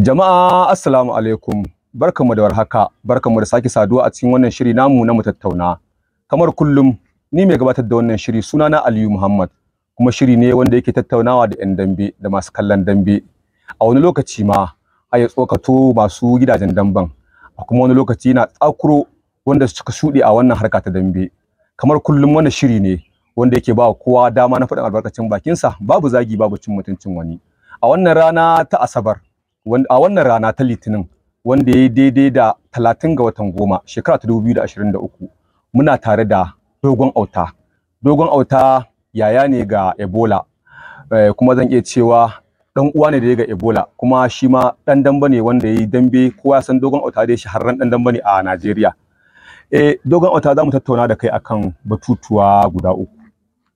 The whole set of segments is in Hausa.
Jama'a assalamu alaikum barkamu da warhaka barkamu da sake saduwa a cikin wannan shiri namu na mu tattauna kamar kullum ni mai gabatar da wannan shiri sunana Aliyu Muhammad kuma shiri ne wanda yake tattaunawa da yan dambe da masu kallon dambe a wani lokaci ma a ya tsokato masu gidajen damben a kuma wani lokaci yana tsakuro wanda suka shuɗe a wannan harka ta dambe kamar kullum wannan shiri ne wanda yake ba kowa dama na faɗin albarkacin bakinsa babu zagi babu cin mutuncin wani a wannan rana ta asabar a wannan rana ta litinin wanda ya yi daidai da talatin ga watan goma shekara ta dubu biyu da ashirin da uku muna tare da dogon auta dogon auta yaya ne ga ebola eh, kuma zan iya cewa dan uwa ne da ya ga ebola kuma shi ma dan damba ne wanda ya yi dambe kowa ya san dogon auta da ya shahararren dan damba ne a najeriya eh dogon auta za mu tattauna da kai akan batutuwa guda uku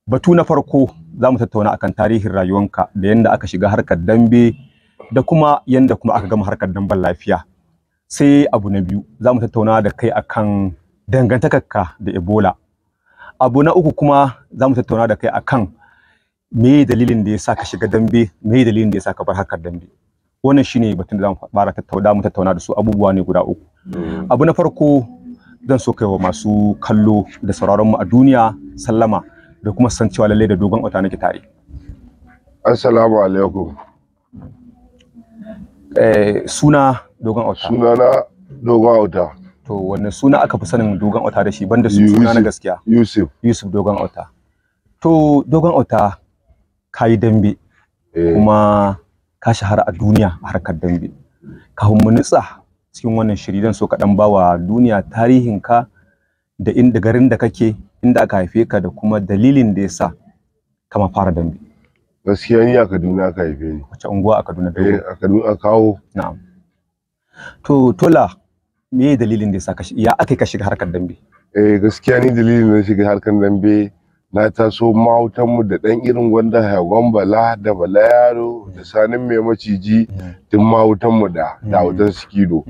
batu na farko za mu tattauna akan tarihin rayuwanka da yadda aka shiga harkar dambe da kuma yanda kuma aka gama harkar damben lafiya sai abu na biyu za mu tattauna da kai akan dangantakarka da ebola abu na uku kuma za mu tattauna da kai akan me dalilin da ya sa ka shiga dambe me dalilin da ya sa ka bar harkar dambe wannan shine batun da za mu fara tattauna mu tattauna da su abubuwa ne guda uku mm. abu na farko zan so kai wa masu kallo da sauraron mu a duniya sallama da kuma san cewa lalle da dogon wata nake tare assalamu alaikum Eh, suna dogon auta. Suna na dogon auta. To wanne suna aka fi sanin dogon auta da shi banda suna na gaskiya? Yusuf. Yusuf dogon auta. To dogon auta ka dambe eh. kuma ka shahara a duniya a harkar dambe. Ka mu nutsa cikin wannan shiri dan so ka dan bawa duniya tarihin ka da inda garin da kake inda aka haife ka da kuma dalilin da yasa sa kama fara dambe. gaskiya ni a Kaduna aka haife ni wace unguwa a Kaduna eh a Kaduna kawo na'am to tola me dalilin da ya saka ya aka ka shiga harkar dambe eh gaskiya ni dalilin da shiga harkar dambe na taso mahautanmu da ɗan irin wanda hawan bala da bala yaro da mm. sanin mai maciji tun mm. mahautanmu da da mm. wajen sikido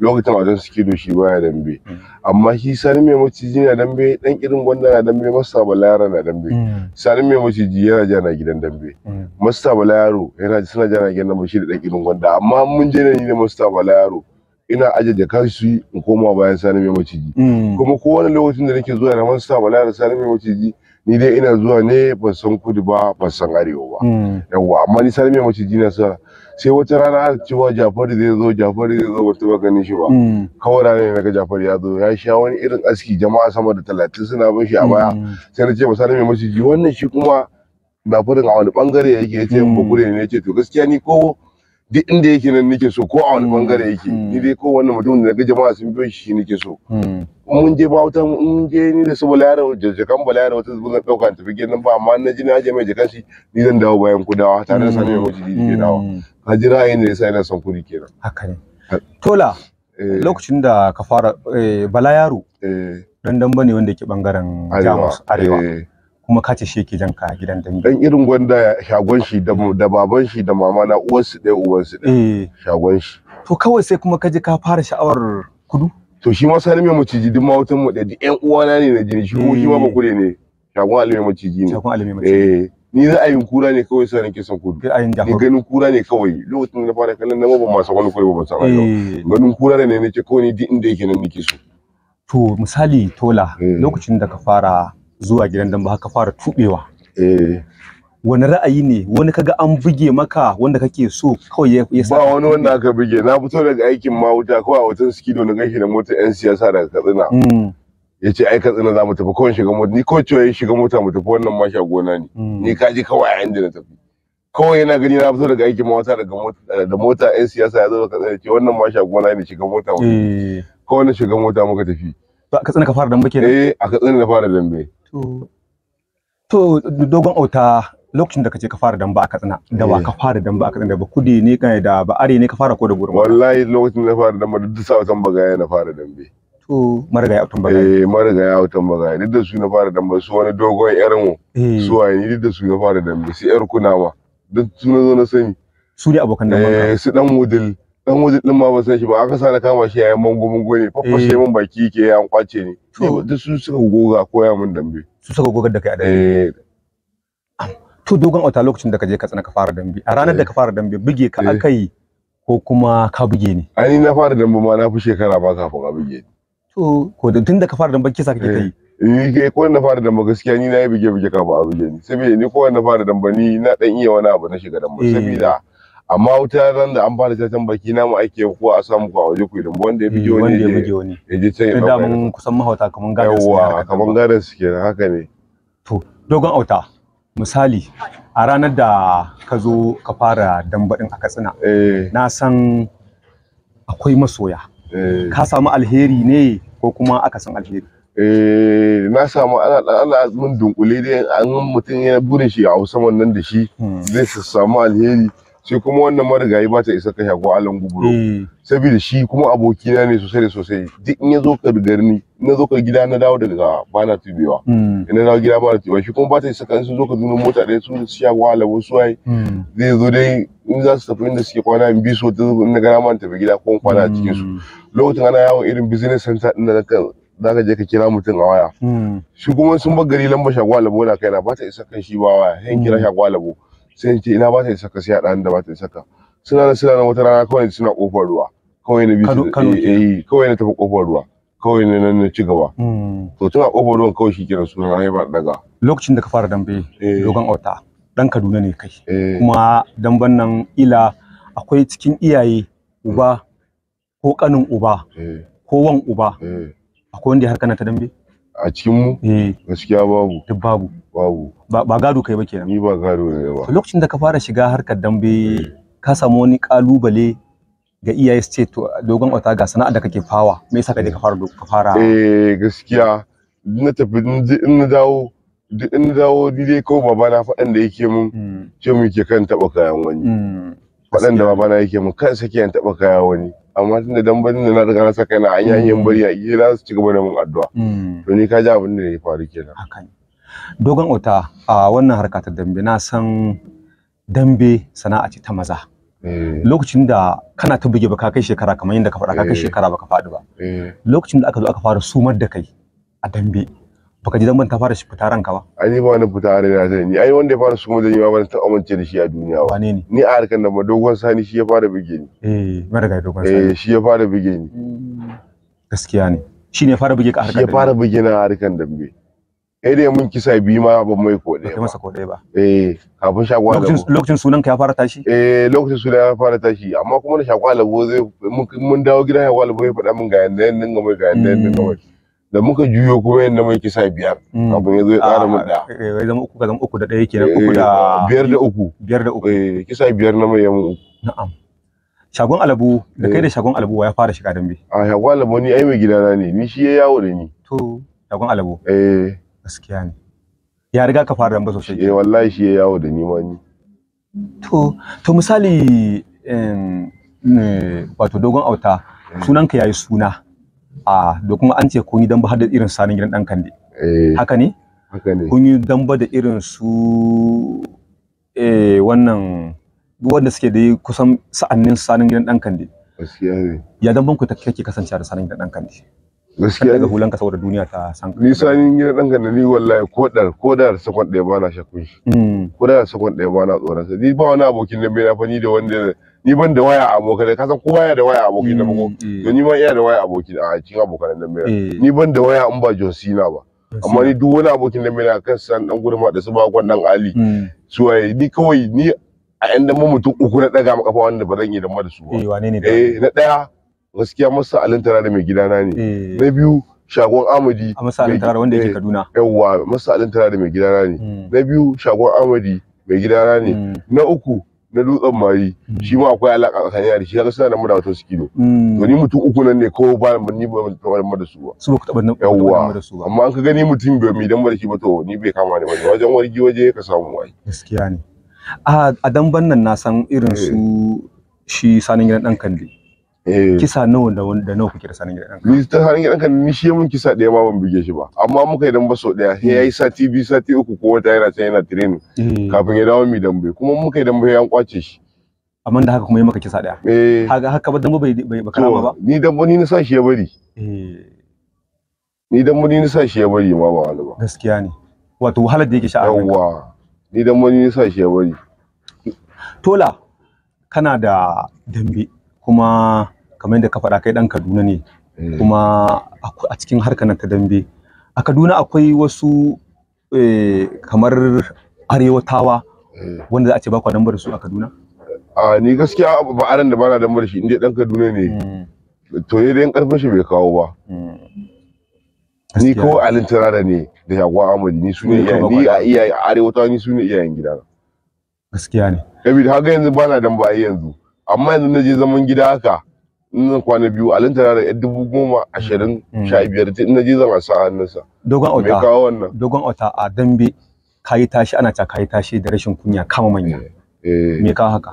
lokacin wajen sikido shi baya dambe amma shi sanin mai maciji na dambe ɗan irin wanda na dambe masa bala yaro na dambe sanin mai maciji yana ja na gidan dambe masa bala yaro yana suna ja na gidan dambe shi da ɗan irin wanda amma mun je ne da masa bala yaro ina aje da su in koma bayan sanin mai maciji kuma kowane lokacin da nake zuwa na masa bala yaro sanin mai maciji ni dai ina zuwa ne ban san kudu ba ban san arewa ba hmm. yawwa amma ni me maciji na sa sai wata rana har cewa Jafaru zai zo Jafaru zai zo wata ganin shi ba hmm. kawai rana ne ga Jafaru ya zo ya sha wani irin aski jama'a sama da talatin suna bin shi a baya hmm. sai na ce ba masa me maciji wannan shi kuma Jafaru a wani bangare yake ya ce ba kure ne ya ce to gaskiya ni ko duk inda yake nan nake so ko a wani hmm. bangare yake ni hmm. dai ko wannan mutum da ga jama'a sun biyo shi nake so hmm. mun je ba wata mun je ni da su wata, jakan balayar wata zuwa zan dauka tafi nan ba amma na ji na je mai jikan shi ni zan dawo bayan kudawa tare da sanin wajen jiji ke dawo ka ji ra'ayin da sai na son kudi kenan haka ne tola eh. lokacin da ka fara eh, bala yaro dan eh. dan bane wanda yake bangaren jamus arewa kuma ka ce shi yake jan ka gidan dangi dan irin gwanda shagon shi da da baban shi da mama na uwar su ɗaya uwar su ɗaya eh. shagon shi to kawai sai kuma ka ji ka fara sha'awar kudu to shi ma sani mai maciji duk mawutan mu da Yan uwa uwana ne na jini shi ko shi ma eh. kure ne shagon alimai maciji ne shagon alimai maciji eh ni ra'ayin kura ne kawai sai ranke son kudu ni ganin kura ne kawai lokacin da fara kallon nama ban ma san wani kure ba ban san eh. ganin kura ne ne ce kawai ni da inda yake nan nake so to misali tola lokacin da ka fara zuwa gidan ba haka fara tubewa eh wani ra'ayi ne wani kaga an buge maka wanda kake so kawai ya sa ba wani wanda aka buge na fito daga aikin ma wuta kawai a watan skido na gashi da motar yan siyasa daga katsina mm. ya ce ai katsina za mu tafi kawai shiga mota ni ko cewa shiga mota mu tafi wannan masha gona ne mm. ni ka ji kawai a yanzu na tafi kawai yana gani na fito daga aikin mawuta, daga mota eh, da mota yan siyasa ya zo katsina ya ce wannan masha gona ne shiga mota eh. kawai na shiga mota muka tafi a katsina ka fara dambe kenan eh a katsina na fara dambe to to dogon auta lokacin da kace eh. ka fara damba a Katsina da ba ka fara damba a Katsina ba kudi ne kai da ba are ne ka fara ko da gurin wallahi lokacin da fara damba duk sa san bagaya na fara dambe to marigaya autan bagaya eh marigaya autan bagaya duk da su na fara damba su wani dogon yaran mu eh. su waye ni duk da su na fara dambe su yar kunawa duk su na zo na sani su ne abokan damba eh su dan model. dan wajen din ma ba san shi ba aka sa na kama shi yayin mango mango ne faffashe eh. min baki ke yayin kwace ne eh, da su suka goga koya mun dambe su suka gogar da kai a eh to dogon auta lokacin da ka je ka tsana ka fara dambe a ranar da ka fara dambe buge ka eh. akai ko kuma ka buge ni ai na fara dambe ma na fi shekara ba ka fara buge ni to ko tun da ka fara dambe kisa kake kai ni ke ko na fara dambe gaskiya ni na yi bige bige ba buge ni saboda ni ko na fara dambe ni na dan iya wani abu na shiga damba da amma wuta ran da an fara cacan baki namu ake ko a samu ko a waje ku idan wanda ya bige mm, wani ya bige wani ya je can ya da mun kusan mahauta kaman gadan su yawa kaman gadan su kenan haka ne to dogon auta misali a ranar da ka zo ka fara dambaɗin a katsina eh. na san akwai masoya eh. ka samu alheri ne ko kuma aka san alheri eh, na samu ana Allah azumin dunkule dai an mutum ya burin shi a Hausa wannan da shi hmm. zai samu alheri sai kuma wannan marigayi ba ta isa kai shago alan guburo hmm. saboda shi kuma abokina ne sosai da sosai duk in ya zo ka garni na zo ka gida na dawo daga bana tubewa hmm. in na dawo gida bana tubewa shi kuma ba ta isa ka sun zo ka zuno mota ɗaya su shago alan wasu ai zai zo dai in za su tafi inda suke kwana in bi so ta zuba in na gana man tafi gida ko kwana a cikin su hmm. lokacin ana yawon irin business center din da za ka je ka kira mutum a waya shi kuma sun bar gari lamba shago alabo na kaina ba ta isa kan shi ba waya yan kira shago alabo sai ce ina ba ta isa ka sai a ɗan da ba ta isa ka suna nan suna da wata rana kawai suna ƙofar ruwa kawai na biyu eh, eh, kawai na tafi ƙofar ruwa kawai na nan na ci gaba hmm. to tun a ƙofar ruwan kawai shi kenan suna na ba daga lokacin da ka fara dambe eh. dogon auta ɗan kaduna ne kai kuma damban nan ila akwai cikin iyaye uba ko ƙanin uba ko wan uba akwai wanda ya harkana ta dambe a cikin mu eh. gaskiya babu duk babu babu ba gado kai ba kenan ni ba gado ne ba lokacin da ka fara shiga harkar dambe eh. ka samu wani kalubale ga iyaye su ce to dogon wata ga sana'a da kake fawa me yasa ka je ka fara ka fara eh gaskiya na tafi in na dawo duk in dawo ni dai ko baba na faɗan da yake mun hmm. ce mu ke kan taba kayan wani faɗan da baba na yake mun kan sake yan taɓa kayan wani hmm. amma da dan barin da na daga na saka na an yi bari a yi za su ci gaba da mun addu'a hmm. to ni ka ji abin da ya faru kenan hakan dogon ota a wannan harka ta dambe na san dambe sana'a ce ta maza eh. lokacin da kana ta buge baka kai shekara kamar yadda ka faɗa ka kai eh. shekara baka faɗi ba eh. lokacin da aka zo aka fara sumar da kai a dambe baka ji dan ta fara fita ranka ba ai ni ba wani fita a raina sai ni ai wanda ya fara su kuma janyewa ba ta amince da shi a duniya ba wane ne ni a harkan da dogon sani shi ya fara bige ni eh marigayi dogon sani eh shi ya fara bige ni gaskiya ne shi ne ya fara bige ka harkan shi ya fara bige na harkan dambe eh dai mun kisa biyu ma ba mai ko dai ba masa ko dai ba eh kafin shagwa lokacin lokacin sunan ka ya fara tashi eh lokacin sunan ya fara tashi amma kuma na shagwa labo zai mun dawo gidan shagwa labo ya faɗa min ga yanda yanda ga mai ga yanda yanda ga mai da muka juyo kuma yadda mai kisa biyar mm. abin ya zo ya tsara mu ah, ɗaya. Eh, zama uku ka zama uku da ɗaya kenan uku da eh, biyar da uku biyar da uku eh, kisa biyar na mai yamu uku na'am shagon alabu da kai da shagon alabu ya fara shiga dambe a ah, shagon alabu ni ai mai gidana ne ni shi ya yawo da ni to shagon alabu eh gaskiya ne ya riga ka fara dambe sosai eh wallahi shi ya yawo da ni ma ni to to misali wato dogon auta sunanka yayi suna a da kuma an ce kun yi damba har da irin sanin gidan dan kande eh. haka ne haka ne kun yi damba da irin su eh wannan wanda suke da kusan sa'annin sanin gidan dan kande gaskiya ne ya damban ku kake kasancewa da sanin gidan dan kande gaskiya daga hulanka saboda duniya ta san ni sanin gidan dan kande ni wallahi ko dar ko dar sakon da ba na shakkun shi hmm. ko dar sakon da ba na tsoron sa ni ba wani abokin dambe na fani ni da wanda ni ban da waya abokai ka san kowa ya da waya abokai da mako mm, mm. to ni ma iya da waya aboki a cikin abokan nan mai eh. ni ban da waya in ba John Cena ba amma ni duk wani abokin da mai na kan san dan gurma da su ba gwan dan Ali mm. su waye ni kawai ni a inda mu mutum uku na daga makafa wanda ba zan yi da da su ba eh wane ne eh na daya gaskiya masa alintara da mai gidana ne eh. na biyu shagon amadi a masa alintara wanda yake eh, Kaduna yawwa masa alintara da mai gidana ne na biyu shagon amadi mai gidana ne na uku na dutsen mayi shi ma akwai alaka tsakanin yari shi kaga suna nan madawatar su kilo to ni mutum uku nan ne ko ba ni ba mu taɓa da su ba su ba ku taɓa da su ba amma an ka gani mutum bai mi dan ba da shi ba to ni bai kama ni ba wajen wargi waje ka samu wai gaskiya ne a damban nan na san irin su eh. shi sanin gidan dan kalli Eh. kisa nawa da wanda nawa kuke da sanin gidan kan? ni ta sanin gidan kanka ni shi mun kisa daya ba ban buge shi ba amma muka idan ba so daya sai yayi sati biyu sati uku ko wata yana can yana training eh. kafin ya dawo mi dambe kuma muka idan bai an kwace shi amma da haka kuma yi maka kisa daya eh. haka haka ba dambe bai baka kana ba ni dambe ni na sa shi ya bari ni dambe ni na sa shi ya bari ma ba wani ba gaskiya ne wato wahalar da yake sha'awa yawa ni dambe ni na sa shi ya bari tola kana da dambe kuma kamar yadda ka faɗa kai ɗan Kaduna ne eh. kuma a cikin harkar ta dambe a Kaduna akwai wasu eh, kamar arewatawa eh. wanda za a ce ba kwa dambar su a Kaduna a ni gaskiya ba aran da na dambar shi inda ɗan Kaduna ne hmm. to yadda 'yan karfin shi bai kawo ba hmm. ni ko alin turara ne da yawa amadi ni sune iyayen ni a iyaye arewata ni sune iyayen gida gaskiya ne kabi da haka yanzu ba na dambar yanzu amma yanzu na je zaman gida haka in zan kwana biyu alin tana da dubu goma mm. ashirin mm. sha biyar in na je zan sa hannunsa dogon auta kawo wannan dogon auta a dambe kayi tashi ana ta kayi tashi da rashin kunya kama manya eh, eh. me kawo haka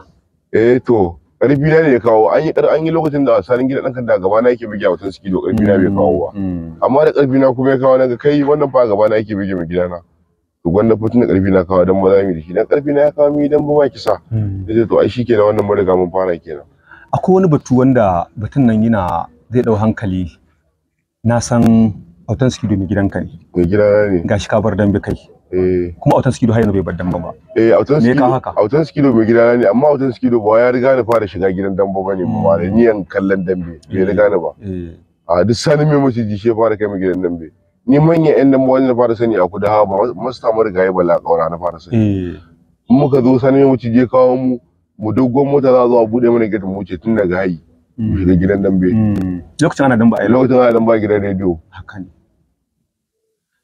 eh to karfi na ne ya kawo an yi an yi lokacin da wasanin gida ɗanka da gaba na yake a wasan suke da karfi na bai mm, kawo ba amma da karfi na kuma ya kawo na ga kai wannan fa gaba na yake bige mai na. to gwanda fitin da karfi na kawo don ba za mu yi da shi dan karfi na ya kawo yi don ba kisa sai to ai shikenan wannan mun riga mun fara kenan akwai wani batu wanda batun nan yana zai dau hankali na san autan skido mai gidanka ne mai gida ne gashi ka bar dambe kai eh. kuma autan skido har yanzu bai bar dan ba eh autan skido autan skido bai gida ne amma autan skido ba ya riga ni fara shiga gidan ba ne. ba ne niyan kallon dambe bai eh. riga ni ba eh. a duk sani mai mace ji she fara kai mu gidan dambe ni manyan yan dan wani na fara sani a kudu ha ba masu mu riga yi bala kaura na fara sani muka zo sani mai mace je kawo mu mu dogon mota za zuwa bude mana gidan mu wuce tun daga hayi mm. shiga gidan dambe mm. lokacin ana ba ai lokacin ana ba gidan rediyo haka ne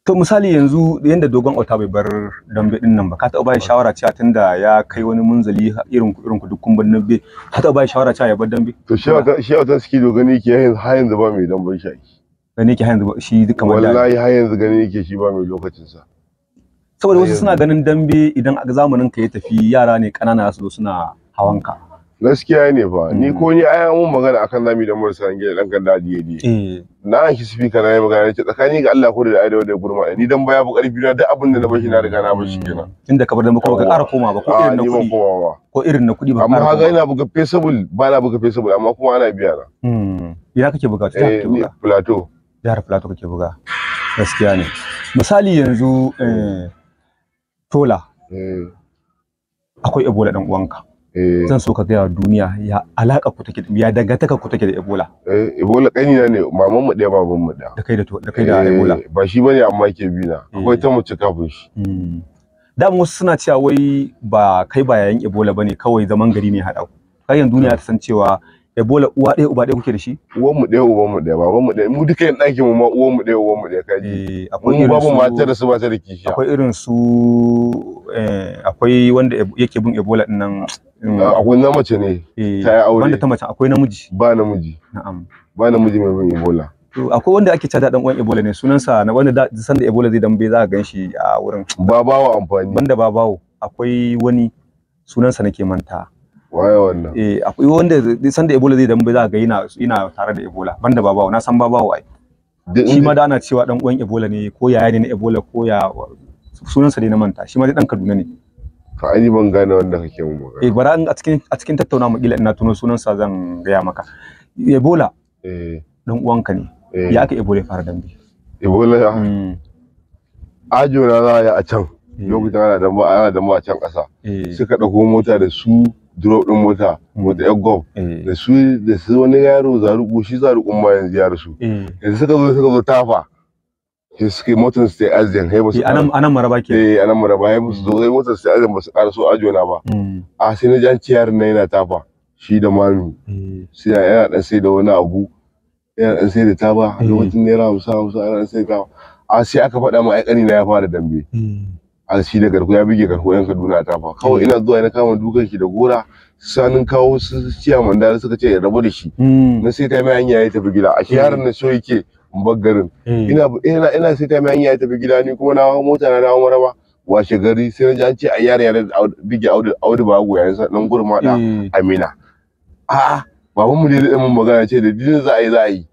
to misali yanzu yanda dogon auta bai bar dambe din nan ba ka taɓa ba shawara cewa da ya kai wani munzali irin ku irin ku duk kun bar dambe ka taɓa ba shawara cewa ya bar dambe to shi auta shi wata suke dogani gani yake yanzu har yanzu ba mai damben shi gani yake har yanzu shi duk kamar wallahi har yanzu gani yake shi ba mai lokacin sa saboda wasu suna ganin dambe idan a zamanin ka ya tafi yara ne kanana su zo suna hawanka gaskiya ne fa ni mm. ko ni ai mun magana akan zami da mursa an gida dan ganda da diye eh. na an ki speaker na yi magana ce tsakani ga Allah ko da arewa da gurma ni dan baya bu karfi na da abin da na bashi na riga na bashi kenan inda ka bar da muku ka ƙara koma ah, ba ko irin na kuɗi ko irin na kuɗi ba amma kaga ina buga feasible ba na buga feasible amma kuma ana biya na hmm. ina kake buga ta kake eh, buga Plato. jihar plateau kake buga gaskiya ne misali yanzu eh, tola akwai ebola dan uwanka Eh. zan so ka gaya duniya ya alaka ku take ya dangantaka ku take da Ebola eh Ebola kani na ne maman mu ɗaya, baban mu ɗaya. da kai da da kai da eh, Ebola ba shi bane amma ke bi na eh. akwai ta mace kafin shi hmm. da mu suna cewa wai ba kai ba yayin Ebola bane kawai zaman gari ne hada ku kai yan duniya ta san cewa Ebola uwa ɗaya uba ɗaya kuke da shi? Uwan mu ɗaya uban mu ɗaya baban mu ɗaya mu duka yin ɗakin mu ma uwan mu ɗaya uwan mu ɗaya kaji. Eh, akwai irin su babu mata da su ba ta da kishiya. Akwai irin su eh, akwai wanda yake bin Ebola din nan ah, akwai na mace ne eh, ta yi aure. Wanda ta mace akwai namiji. Ba namiji. Na'am. Ba namiji mai bin Ebola. akwai wanda ake cada dan uwan Ebola ne sunansa na wanda san da Ebola zai dambe za ka ganshi a wurin. Babawo amfani. Banda babawo akwai wani sunansa nake manta. waye wannan eh akwai wanda san da Ebola zai dambe za ga yana yana tare da Ebola banda babawo na san babawo ai shi ma da ana cewa dan uwan Ebola ne ko yaya ne na Ebola ko ya sunansa dai na manta shi ma dai dan Kaduna ne to ai ban gane wanda kake mun magana eh bara a cikin a cikin tattauna mu kila ina tuno sunansa zan gaya maka Ebola eh dan uwanka ne eh. ya aka Ebola fara dambe Ebola ya mm. ajo na za a a can Eh. lokacin ana dan ana dan a can ƙasa eh. suka ɗauko mota da su drop din mota mota yan gov eh. da su da su wani yaro zaruku shi zarukun ma yanzu yaro su yanzu suka zo suka zo tafa sai suke yi motar su ta arzikin hai ba su anan anan maraba ke eh anan maraba hai musu zo sai motar su ta arzikin ba su ƙara so ajo na ba hmm. a sai na jan ciyar na yana tafa shi da malu sai yana dan sai da wani abu yana dan sai da taba lokacin naira hamsin hamsin ana dan sai da a sai aka faɗa ma aikani na ya fara dambe hmm. a shi da garko ya bige garko yan kaduna a tafa kawai mm. ina zuwa ina kama dukan shi da gora sanin kawo su ciya mandara suka ce ya rabu da shi mm. na sai ta mai hanya ya tafi gida a shi mm. yaron na so yake baggarin ina ina ina sai ta mai hanya ya tafi gida ni kuma na hawo mota na dawo maraba washe gari sai na ji an ce a yare yare bige audu audu ba go yayin nan gurma da amina a'a babanmu ne da mun magana ce da dinin za a yi za a yi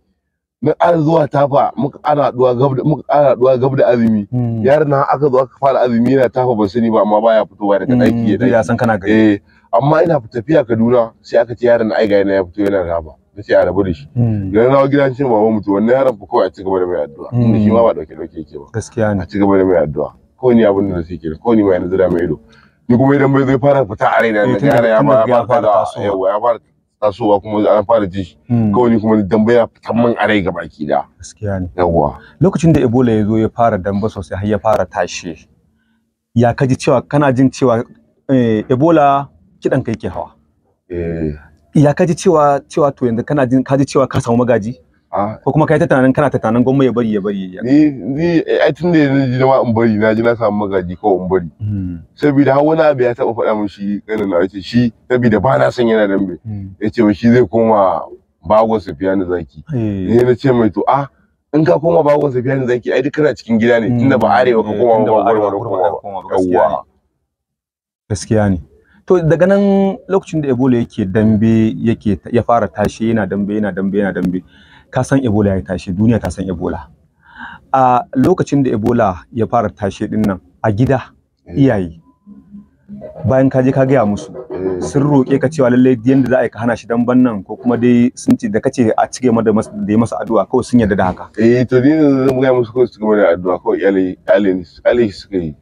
na an zuwa tafa muka ana duwa gab da muka ana duwa gab da azumi hmm. yaron nan aka zo aka fara azumi yana tafa ban sani ba amma baya fitowa daga daki hmm, ya dai ya san kana gari eh amma ina tafiya Kaduna sai aka ce yaron ai ga yana ya fito yana raba na ce a rabu da shi hmm. da na rawa gidan cin baban mutu wannan yaron ku kawai a cigaba da mai addu'a inda shi ma ba dauke dauke yake ba gaskiya ne a cigaba da mai addu'a ko ni abin da kira ko ni mai nazira mai ido ni kuma idan bai zai fara fita a raina eh, ne yara ya ma ya fara yawa ya fara tasowa kuma an fara ji hmm. kawai kuma damba ya fitan man a rai gaba ki da gaskiya ne yawa lokacin da ebola ya zo ya fara damba sosai har ya fara tashi ya kaji cewa kana jin cewa eh, ebola kidan kai ke hawa eh ya kaji cewa cewa to yanzu kana jin kaji cewa ka samu magaji Ah. ko kuma kai tunanin kana ta tunanin gwamma ya bari ya bari ni ni ai tun da ji ma in bari na ji na samu magaji ko in bari hmm. saboda har wani abu ya taba faɗa mun shi kanin na ce shi saboda ba na son yana dambe hmm. yace shi zai koma bago Sufiyanu Zaki ne eh. na ce mai to ah in ka koma bago Sufiyanu Zaki ai duk kana cikin gida ne tunda ba hmm. arewa ka koma ba ba ka koma gaskiya ne to daga nan lokacin da Ebola yake dambe yake ya fara tashi yana dambe yana dambe yana dambe ka san ebola ya tashi duniya ta san ebola a lokacin da ebola ya fara tashi din nan a gida eh. iyaye bayan ka je ka gaya musu eh. sun roƙe ka cewa lallai yadda za a yi ka hana shi dan bannan ko kuma dai sun ce da kace a cike mada da yi masa addu'a kawai sun yarda da haka eh to ni zan gaya musu ko su gaba da addu'a kawai iyalai iyalai iyalai suka yi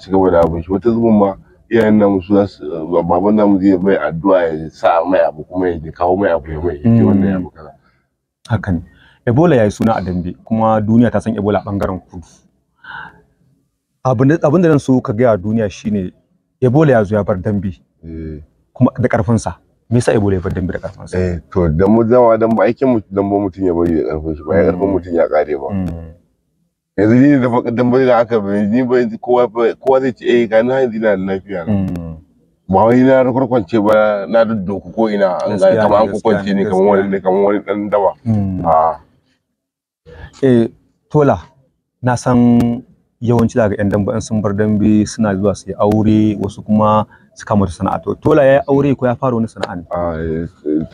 su gaba da abin shi wata zubin ma iyayen namu su za su baban namu zai mai addu'a ya sa mai abu kuma ya kawo mai abu ya mai ya wannan ya kaza haka ne ebola ya yi suna a dambe kuma duniya ta san ebola a bangaren kudu abin da nan so ka gaya duniya shine ebola ya zo ya bar dambe eh. kuma da karfinsa me yasa ebola ya bar dambe da karfinsa eh to dan mu zama dan ba aikin dan ba mutun ya bari da karfin shi ba ya karfin mutun mm. ya kare ba mm. yanzu ni da dan bari da aka ni ba kowa kowa zai ce eh ga na yanzu ina lafiya ba wai na kwance ba na duddoku ko ina an ga kamar an kwakwance ne kamar wani kamar wani dan dawa hmm. a ah. eh tola na san yawanci daga yan dambe an san bar dambe suna zuwa su yi aure wasu kuma su kama da sana'a to tola ya yi aure ko ya fara wani sana'a ne a ah, eh,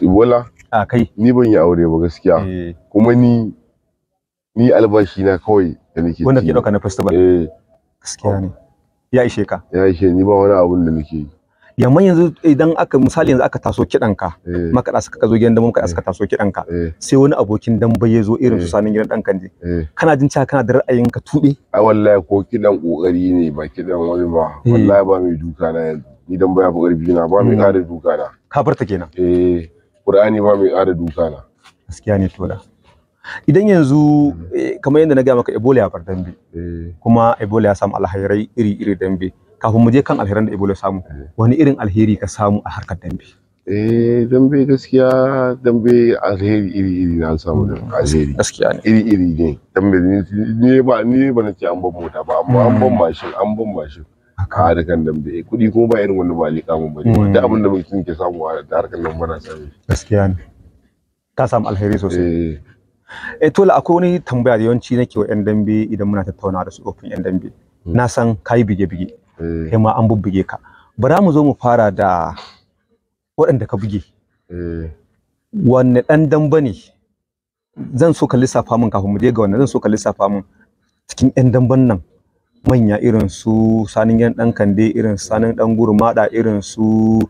bola a ah, kai ni ban yi aure ba gaskiya eh. kuma ni ni albashi na kawai da nake wanda ke dauka na festival eh gaskiya ne ya ishe ka ya ishe ni ba wani abun da nake yi yamma yanzu idan aka misali yanzu aka taso kiɗanka eh. makaɗa suka zo gidan dambe makaɗa suka eh. taso kiɗanka eh. sai wani abokin dambe yazo zo irin su sanin gidan ɗan ne kana jin cewa kana da ra'ayin ka tuɓe a wallahi ko kiɗan ƙoƙari ne ba kiɗan wani ba wallahi ba mai duka na yanzu ni dan baya ƙoƙari biyu na ba mai mm. ƙara duka na ka ta kenan eh Qur'ani ba mai ƙara duka na gaskiya ne da idan yanzu mm. kamar yadda na gaya maka ebola ya bar dambe kuma ebola ya samu alhairai iri-iri dambe kafin mu je kan alheran da Ebola samu eh. wani irin alheri ka samu a harkar dambe eh dambe gaskiya dambe alheri iri iri na samu da mm. alheri gaskiya ne iri iri ne dambe ne ba ni ba nace an ban mota ba amma an ban mm. mashin an ban mashin ka da kan dambe eh, kuɗi kuma ba irin wani ba liƙa mun ba. Mm. duk abin da mutum ke samu a harkar nan bana samu gaskiya ne ka samu alheri sosai eh, eh la akwai wani tambaya da yawanci nake wa yan dambe idan muna tattauna da su ofin yan dambe na san kai bige bige Eh. kai ma an bubbuge ka bara mu zo mu fara da waɗanda ka buge eh. wanne ɗan damba ne zan so ka lissafa min kafin mu je ga wannan zan so ka lissafa min cikin ɗan damban nan manya irin su sanin yan ɗan kande irin sanin ɗan gurmaɗa irin su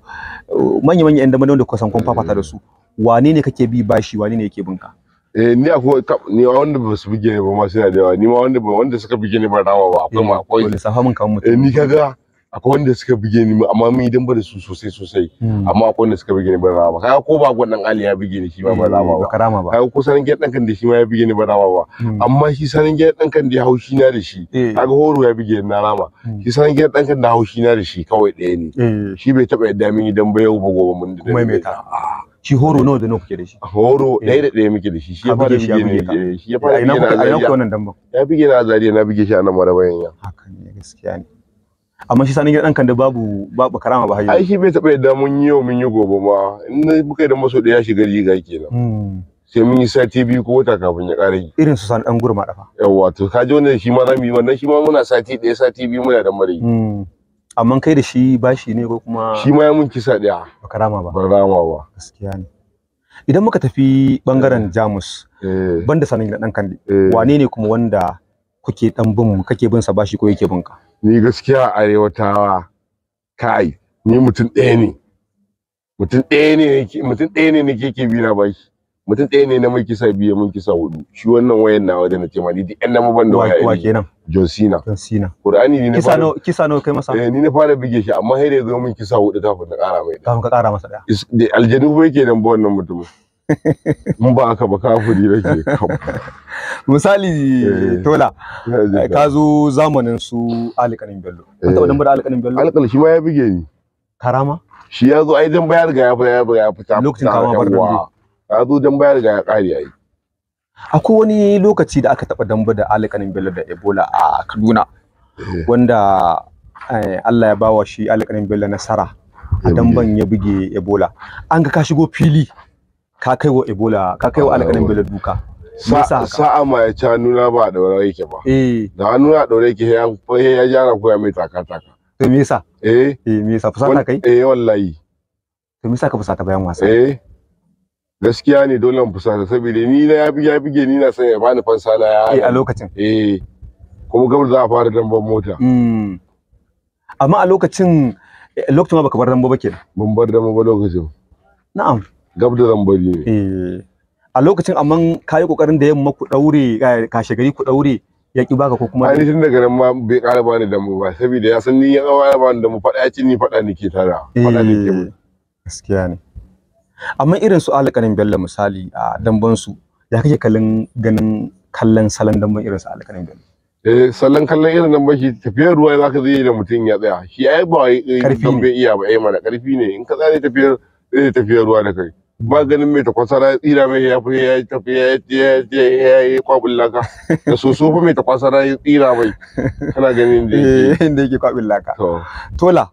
manya uh, manya ɗan damban da kusan kun fafata da su eh. wane ne kake bi bashi wane ne yake binka eh ni akwai ni wanda ba su bige ni ba ma suna da yawa ni ma wanda ba wanda suka bige ni ba rawa ba akwai ma akwai da eh, safa mun kan mutum eh ni kaga akwai wanda suka bige ni amma mun idan ba da su sosai sosai hmm. amma akwai wanda suka bige ni ba rawa ba kaga ko ba gwandan Ali ya bige ni shi ma ba eh, rawa ba karama ba kaga ko sanin gidan dan kan da shi ma ya bige ni ba rawa ba hmm. amma shi sanin gidan dan kan da haushi na da shi eh. kaga horo ya bige ni na rama hmm. shi sanin gidan dan kan da haushi na da shi kawai ɗaya ne shi bai taba yadda min idan ba yau ba gobe mun da mai ta shi horo eh. nawa da nawa kuke da shi horo eh. ɗaya da ɗaya muke da shi shi ya fara bige ne eh, shi ya fara bige na azariya ina wannan ba ya bige na azariya na bige shi a nan marabayan ya haka ne gaskiya ne amma shi sanin dan kan da babu babu karama ba hayyo ai shi bai taba yadda mun yi mun yi gobe ma in muka yi da maso ya shiga riga kenan hmm. sai mun yi sati biyu ko wata kafin ya ƙara yi irin su san ɗan gurma dafa yawa to ka ji wannan shi ma za yi wannan shi ma muna sati ɗaya sati biyu muna da marayi hmm. amma kai da shi bashi ne ko kuma shi ma ya mun kisa daya baka karama ba ban rama ba gaskiya ne idan muka tafi bangaren eh. jamus eh. banda sanin da dan kan eh. wane ne kuma wanda kuke dan bin kake bin sa bashi ko yake bin ka ni gaskiya arewatawa kai ni mutum ɗaya ne mutum ɗaya ne mutum ɗaya ne nake ke bi na bashi mutum ɗaya ne na mulki sa biyu mulki sa hudu shi wannan wayan na wajen na ce ni duk ɗan na ban da waya wa kenan John Cena John Cena Qur'ani ni kisa n'o kisa no kai masa eh ni na fara bige shi amma sai da zo mun kisa hudu kafin na ƙara mai kafin ka ƙara masa da aljanu ba yake nan ba wannan mutum mun ba aka ba kafuri nake misali eh. tola ka zo zamanin su alƙalin bello ka taɓa eh. dan alƙalin bello alƙal shi ma ya bige ni karama shi ya zo ai dan bayar ga ya fita ya fita lokacin kama bar bello a zo dan bayar ga ya ƙare yayi akwai wani lokaci da aka taɓa damba da alƙanin bello da ebola a kaduna eh. wanda eh, allah ya bawa shi alƙanin bello nasara a damban ya buge ebola an ga ka shigo fili ka kai wa ebola ka kai wa alƙanin bello duka sa'a ma ya ci hannuna ba a daure yake ba eh. da hannuna a daure yake ya jara ko ya mai taka taka to me yasa eh me yasa fusata kai eh wallahi to me yasa ka fusata bayan wasa eh gaskiya ne dole mu fusata saboda ni na ya ya bige ni na san ya bani fansa na ya eh, eh, hmm. a lokacin eh kuma gabar za a fara dambar mota amma a lokacin lokacin baka bar dambo ba ke. ban bar dambo ba lokacin na'am gab da zambari ne eh a lokacin amma kayi kokarin da yamma ku daure kashe gari ku daure ya ki baka ko kuma tun daga nan ma bai ƙara bani dambo ba saboda ya san ni ya ƙara bani dambo fada faɗa ya ci ni faɗa nake tara faɗa nake eh. gaskiya ne amma irin su alƙarin bello misali a damban su ya kake kallon ganin kallon salon damban irin su alƙarin bello eh salon kallon irin damban shi tafiyar ruwa ka zai da mutum ya tsaya shi ai ba eh, ban iya ba ai eh, mana karfi ne in ka tsaya tafiyar zai tafiyar ruwa da kai ba ganin mai takwasara tsira mai ya fi ya tafi ya ya ya ya kwabin laka da soso fa mai kwasa ya tsira mai kana ganin da yake da yake kwabin laka tola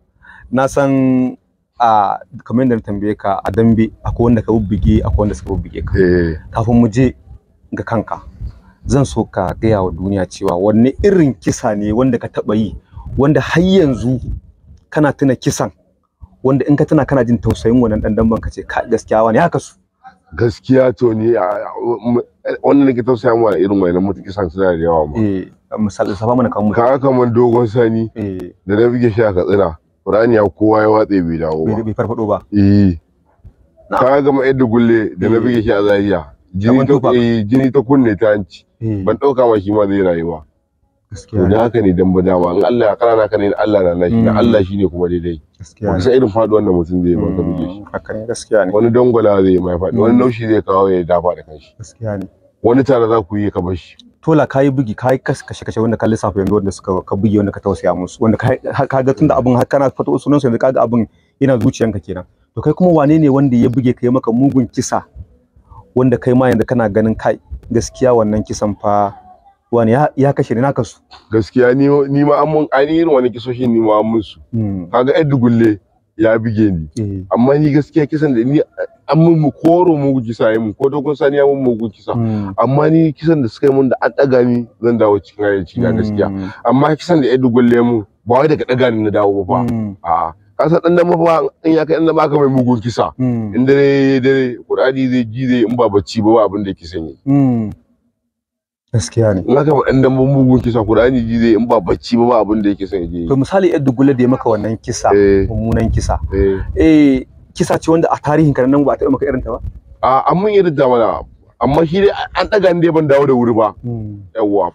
na san a kamar da na tambaye ka a dambe akwai wanda ka bubbige akwai wanda suka bubbige ka eh. kafin mu je ga kanka zan so ka gaya wa duniya cewa wanne irin kisa ne wanda ka taba yi wanda har yanzu kana tuna kisan wanda in ka tuna kana jin tausayin wannan dan ka ce ka gaskiya wani haka su gaskiya to ni wannan nake tausaya mu irin wannan mutu kisan suna da yawa ma eh misali safa mana kan mutu ka kaman dogon sani eh. da na bige shi a tsira. rani ya kowa ya watse bai dawo ba. Bai farfado ba. Eh. Ka ga mai da gulle da na eh. bige shi a Zariya. Jini ta eh, jini ta kunne ta hanci. Eh. Ban dauka ma shi ma zai rayuwa. Gaskiya. Da haka ne dan ba dama in Allah ya karana ka ne Allah na lashi na hmm. Allah shine kuma daidai. Gaskiya. Wani irin faɗi wanda mutum zai ba ka hmm. bige shi. Haka ne gaskiya ne. Wani dangwala zai mai faɗi wani naushi hmm. zai kawo ya dafa da kanshi. Gaskiya ne. Wani tare za ku yi ka bar shi. tola kayi bugi kayi kashe kashe wanda ka lissafa yanzu wanda suka ka bugi wanda ka tausaya musu wanda ka ga tunda abin har kana fito sunan su yanzu kaga abin yana zuciyanka kenan to kai kuma wane ne wanda ya buge kai maka mugun kisa wanda kai ma yanzu kana ganin kai gaskiya wannan kisan fa wani ya kashe ne na kasu gaskiya ni ni ma an mun ainihin wani kisoshin ni ma an su hmm. kaga Edugulle ya buge ni eh. amma ni gaskiya kisan da ni an mun mu koro mu kisa yi mu ko dogon sani ya mun mu kisa hmm. amma ni kisan da suka yi mun da an daga ni zan dawo cikin hayyaci na gaskiya hmm. amma kisan da ya dugulle mu ba wai daga daga ni na dawo ba a hmm. ka san dan dama in ya kai dan dama ka mai mugun kisa in dare dare qur'ani zai ji zai in ba bacci ba abin da yake sanye gaskiya ne in aka dan dama mugun kisa qur'ani ji zai in ba bacci ba abin da yake sanye to misali yadda gula da ya maka wannan kisa eh. mummunan kisa eh, eh kisa ce wanda a tarihin karan nan ba ta maka irin ta ba a an mun irin da mana amma shi dai an daga ne ban dawo da wuri ba hmm. yawa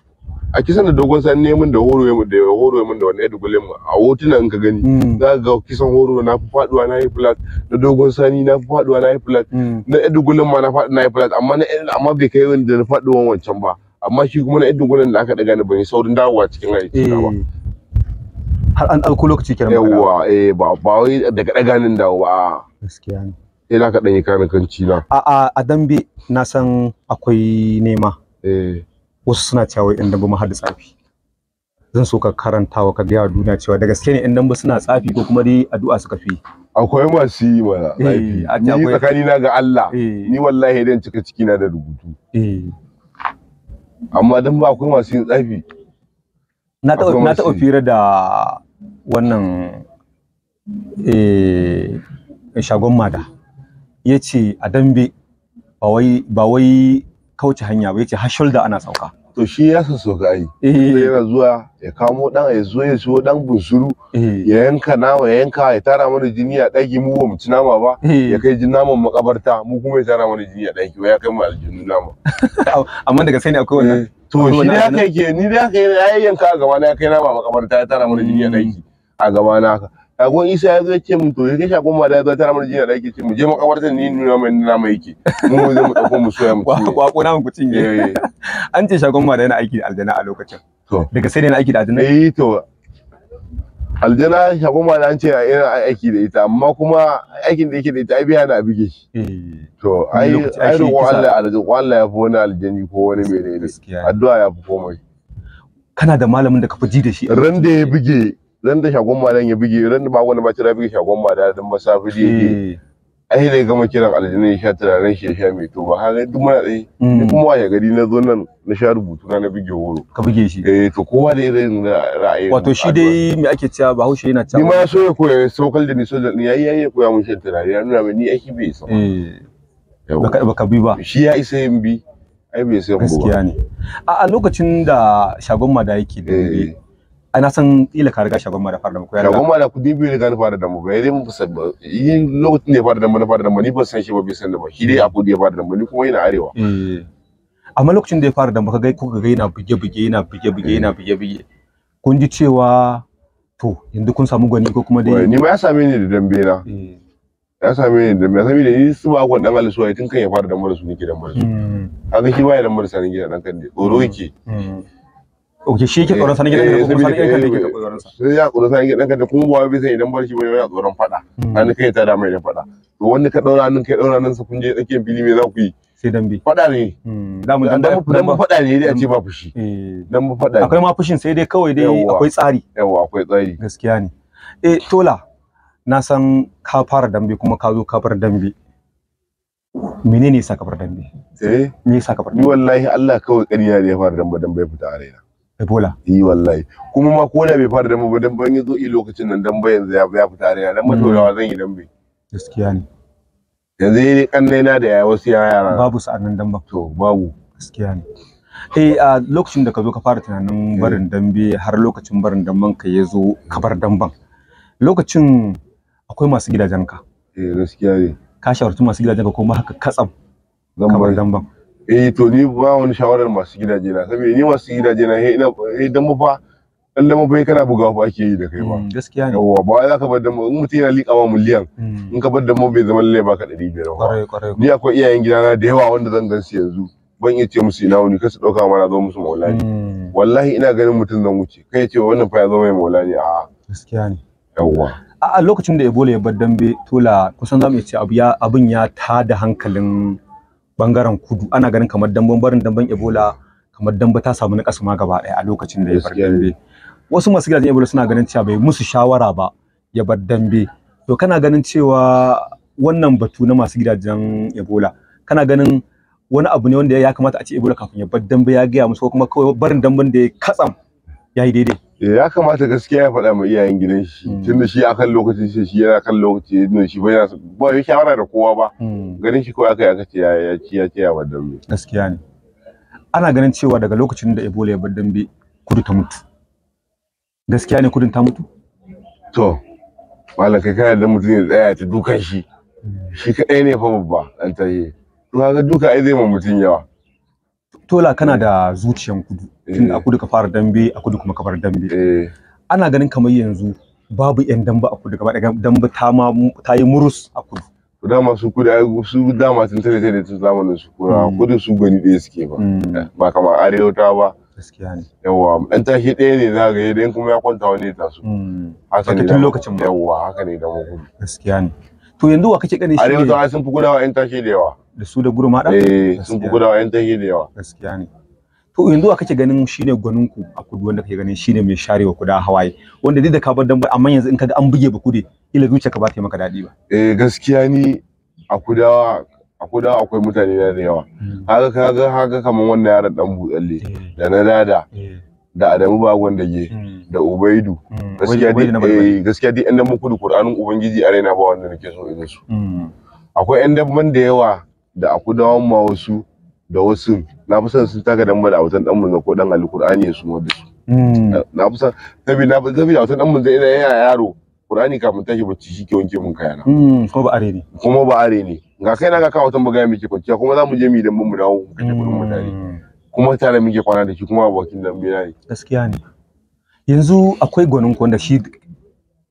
a kisan da dogon san ne mun da horo da horo mun da wani edugulin mu a in ka gani hmm. za ga kisan horo na fi faduwa na yi flat na dogon sani na fi faduwa na yi flat hmm. na edugulin ma na faɗi na yi flat amma na amma bai kai wanda na faduwan wancan ba amma shi kuma na edugulin da aka daga ne ban yi saurin dawowa cikin aiki ba eh. har an ɗauko lokaci kenan yawwa eh ba ba wai daga nan dawo ba gaskiya ne eh za ka dan yi kanikanci na a a a dambe na san akwai nema eh wasu suna cewa yan dambe mahadu tsafi zan so ka karanta wa ka gaya duniya cewa da gaske ne yan dambe suna tsafi ko kuma dai addu'a suka fi akwai masu yi mana tsafi eh, ni tsakani na ga Allah eh. ni wallahi idan cika ciki na da rubutu eh amma dan ba akwai masu yin tsafi na taɓa na taɓa fira da wannan eh shagon mada ya ce a dambe ba wai kauce hanya ba ya ce har da ana sauka to shi ya san so ga ai eh. yana zuwa ya kamo dan ya zo ya so dan bunsuru eh. ya yanka nawa ya yanka ya tara mana jini ya daki mu ba mu ci nama ba eh. ya kai jin naman makabarta mu kuma ya tara mana jini ya daki ya kai mu aljinu nama amma daga sai ne akwai wannan to shi ya kai ke ni da kai ya yanka a gaba na ya kai nama makabarta ya tara mana jini ya daki a hmm. gaba na haka Agon Isa ya zo ce min to yake shagon ma da ya zo tara mana jiya da yake ce mu je makabartar ni nuna mai nuna mai yake. Mu mu zo mu dauko mu soya mu ci. Kwa ko na mu cinye. Eh, eh. An ce shagon ma da yana aiki da aljana a lokacin. To daga sai da yana aiki da aljana. Eh to aljana shagon ma da an ce yana aiki da ita amma kuma aikin da yake da ita ai biya na bige shi. Eh. To ai ai roƙon Allah aljani ko Allah ya fi wani aljani ko wani menene. Addu'a ya fi komai. Kana da malamin da ka fi ji da shi. Ran da ya buge. dan da shagon malam ya buge ran da bakon ba ya bige shagon ma da dan masafiri yake eh. ai da gama kiran aljini sha turaren shi sha mai to ba har duk muna dai mm. ni kuma waye gari na zo nan na sha rubutu na na bige horo ka bige shi eh to kowa da irin ra'ayi wato shi dai me ake cewa haushe yana cewa ni ma so ya koya saukar da ni so da ni yayi yayi koya mun shan turare ya nuna ni aiki bai so eh baka baka bi ba shi ya isa yin bi ai bai sai ba gaskiya ne a lokacin da shagon mada yake da eh. ai na san ila ka riga shagon ma da fara da muku ko ya shagon ma da ku dibi riga na fara da mu ba dai mun fusa ba yin lokacin da ya fara da mu na fara da mu ni ba san shi ba bai san da ba shi dai abu da ya fara da mu ni kuma yana arewa eh. amma lokacin da ya fara da mu ka ga kuka ga yana buge buge yana buge buge yana buge buge kun ji cewa to yanzu kun samu gwani ko kuma dai ni ma ya same ni da dambe na eh. ya same ni da dambe sami da ni su ba gwan dan alisuwa tun kan ya fara da marasu nake da marasu hmm. kaga shi ba ya da marasa sanin gidan dan kan dai oro yake hmm. Hmm. ok shi yake tsoron sanin gidan kuma sanin gidan yake tsoron sa sai ya tsoron sanin gidan kanta kuma ba bai san idan barci bane ya tsoron fada hannun hmm. kai ta da mai da fada to wanda ka daura hannun kai daura nan sa kun je tsakiyar fili me za ku yi sai dambe fada ne hmm. dan dan fada ne dai a ce hmm. ba fushi eh. dan fada akwai ma fushin sai dai kawai dai akwai tsari yawa akwai tsari gaskiya ne eh tola na san ka fara dambe kuma ka zo ka bar dambe menene sa ka sakabar dambe eh me dambe? ni wallahi Allah kawai ƙarya ne ya fara dambe dambe ya fita a raina Ebola. Yi wallahi. Kuma ma ko da bai fara dambe ba damba ya zo yi lokacin nan dambe yanzu ya ya fita arena damba to mm. yawa zan yi dambe. Gaskiya ne. Yanzu ne kannai na da wasu yara. Babu sa'annan damba. To babu. Gaskiya ne. Eh a lokacin da ka zo ka fara tunanin eh. barin dambe har lokacin barin damban ka ya zo ka bar damban. Lokacin akwai masu gidajen ka. Eh gaskiya ne. Ka shawarci masu gidajen ka ma haka katsam. Zan bar damban. eh to ni ba wani shawarar masu gidaje na saboda ni masu gidaje na he ina dan mu fa dan mu fa kana buga fa ake yi da kai ba mm, gaskiya ne yawa ba za ka bar da mu in mutum yana liƙa ma miliyan mm. in ka bar da mu bai zama lalle baka 500 ba ni akwai iyayen gidana da yawa wanda zan gan su yanzu ban iya ce musu ina wuni kar su dauka mana zo musu maulani mm. wallahi ina ganin mutum zan wuce kai ce wannan fa ya zo mai maulani a gaskiya ne yawa a lokacin da ebola ya bar dambe tola kusan zamu iya ce abu ya abun ya tada hankalin bangaren kudu ana ganin kamar damben barin damben ebola kamar damba ta samu na kasu ma gaba daya a lokacin da ya bar dambe wasu masu gidajen ebola suna ganin cewa bai musu shawara ba ya bar dambe to kana ganin cewa wannan batu na masu gidajen ebola kana ganin wani abu ne wanda ya kamata a ce ebola kafin ya bar dambe ya gaya musu ko kuma kawai barin damben da ya katsam ya yi daidai Eh, ya kamata gaskiya ya faɗa ma iyayen gidan shi hmm. tunda shi a kan lokaci sai shi yana kan lokaci ne shi ba yana ba ya shawara da kowa ba hmm. ganin shi kawai aka yi aka ce ya ya ci ya ce ya bar dambe gaskiya ne ana ganin cewa daga lokacin da Ebola ya bar dambe kudu ta mutu gaskiya ne kudin ta mutu to malam kai kana da mutum ya tsaya ta dukan shi hmm. shi kadai ne fa babba an tayi to kaga duka ai zai ma mutum yawa tola kana hmm. da zuciyan kudu tun a eh. kudu ka fara dambe a kudu kuma ka bar dambe eh. ana ganin kamar yanzu babu yan damba a kudu gaba daga damba ta ma ta yi murus a kudu to dama su kudu ai su dama tun tare da tun zamanin su kudu hmm. kudu su gani ɗaya suke ba hmm. eh, ba kamar arewata ba gaskiya ne yawa dan tashi ɗaya ne za ga yadda kuma ya kwanta wani ta su haka ne tun lokacin ba yawa haka ne da mu gaskiya ne to yanzu wa kake ganin shi arewata sun fi kudawa yan tashi da yawa da su da gurmaɗa eh sun fi gudawa yan dangi da yawa gaskiya ne to yanzu a kake ganin shine gwanin ku a kudu wanda kake ganin shine mai sharewa kuda hawaye wanda duk da ka bar dan amma yanzu in kaga an buge ba kude ila zuciya ka ba ta maka daɗi ba eh gaskiya ni a kudawa a kudawa akwai mutane da yawa hmm. haka kaga haka kaman wannan yaron dan butsalle eh. da na dada eh. da Adamu Bagon Dage hmm. da Ubaidu hmm. gaskiya dai eh, gaskiya dai ɗan kudu Qur'anin Ubangiji a raina ba wanda nake so irin su akwai ɗan dabban da yawa da aku dawon ma wasu da wasu na fi son sun taka dan da autan dan da ko dan alkur'ani ya suma da su hmm. na fi son sabi na fi sabi autan dan mu da ina yana yaro qur'ani kafin tashi bacci shi ke wanke mun kayana hmm, ko ba are ne kuma ba are ne ga kai na ga ka tan bagaya miki kwanciya kuma za mu je mi dan mu dawo mu kace gurin dare hmm. kuma tare miki kwana da shi kuma abokin dan bina ne gaskiya ne yanzu akwai gwanin ku wanda shi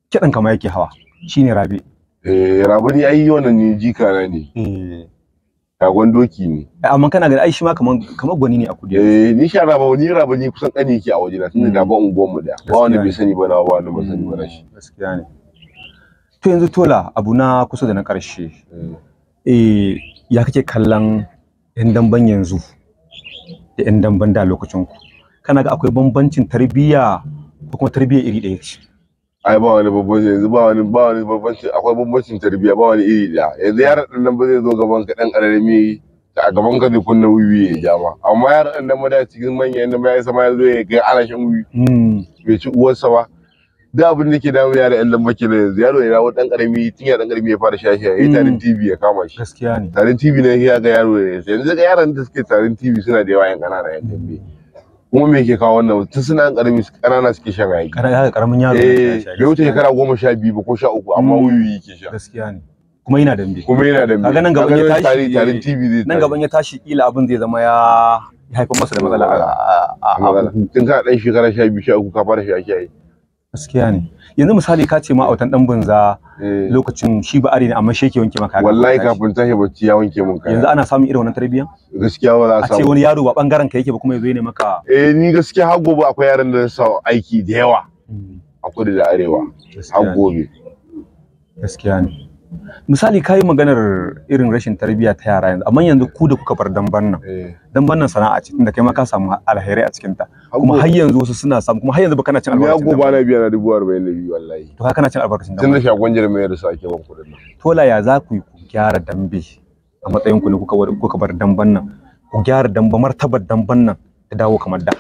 kidan kama yake hawa shine rabi eh rabi ne ai wannan ne jika na ne kagon doki ne amma kana gani ai shi ma kaman kamar gwani ne a kudi eh ni sha raba ni raba ni kusan kani yake a waje na, tunda hmm. da ba unguwar mu da ba wani bai sani ba na ba wani ba sani ba hmm, shi gaskiya ne to yanzu tola abu na kusa da na karshe hmm. eh ya kake kallon yan damban yanzu da yan damban da lokacin ku kana ga akwai bambancin tarbiyya ko kuma tarbiyya iri ɗaya ce ai ba wani bambanci yanzu ba wani ba wani bambanci akwai bambancin tarbiyya ba wani iri da yanzu yaran ɗan nan ba zai zo gaban ka ɗan ƙarami a gaban ka zai kunna wiwi ya ja ma amma yaran ɗan nan da cikin manya yan ma ya sama ya zo ya ga ana shan wiwi hmm. bai ci uwarsa ba da abin da ke damu yara yan lamba ke yanzu yaro ya dawo ɗan ƙarami tun ya ɗan ƙarami ya fara shashi ya yi tarin hmm. tv ya kama shi gaskiya ne tarin tv ne ya ga yaro ne yanzu ga yaran da suke tarin tv suna da yawa yan ƙanana yan dambe kuma me ke kawo wannan tun suna yan karami ƙanana suke shan yayi ƙanana karamin yaro eh bai wuce shekara goma sha biyu ba ko sha uku amma wuyu yake sha gaskiya ne kuma yana dambe kuma yana dambe kaga nan gaban ya tashi tarin TV zai nan gaban ya tashi kila abin zai zama ya haifar masa da matsala a a a tun ka dan shekara sha biyu sha uku ka fara shi ake gaskiya ne yanzu misali ka ce ma wutan dan bunza eh. lokacin shi ba are ne amma shi wanke maka wallahi kafin tashi bacci ya wanke mun kaya yanzu ana samun irin wannan tarbiyya gaskiya ba za a samu a ce wani yaro ba bangaren ka yake ba kuma zo ne maka eh ni gaskiya har gobe akwai yaran da sa aiki da yawa hmm. a kudu da arewa har gobe gaskiya ne misali kayi maganar irin rashin tarbiyya ta yara yanzu amma yanzu ku da kuka bar damban nan eh. damban nan sana'a ce tunda kai ma ka samu alheri a cikin ta kuma har yanzu wasu suna samu kuma har yanzu ba kana cin albarkacin damban. Ya gobe na biya na dubu arba'in da biyu wallahi. To kana cin albarkacin damban. Tunda shagon jirmai da su ake ban kuɗin nan. la ya za ku yi ku gyara dambe a matsayin ku ne kuka bar damban nan ku gyara damba martabar damban nan ta dawo kamar da.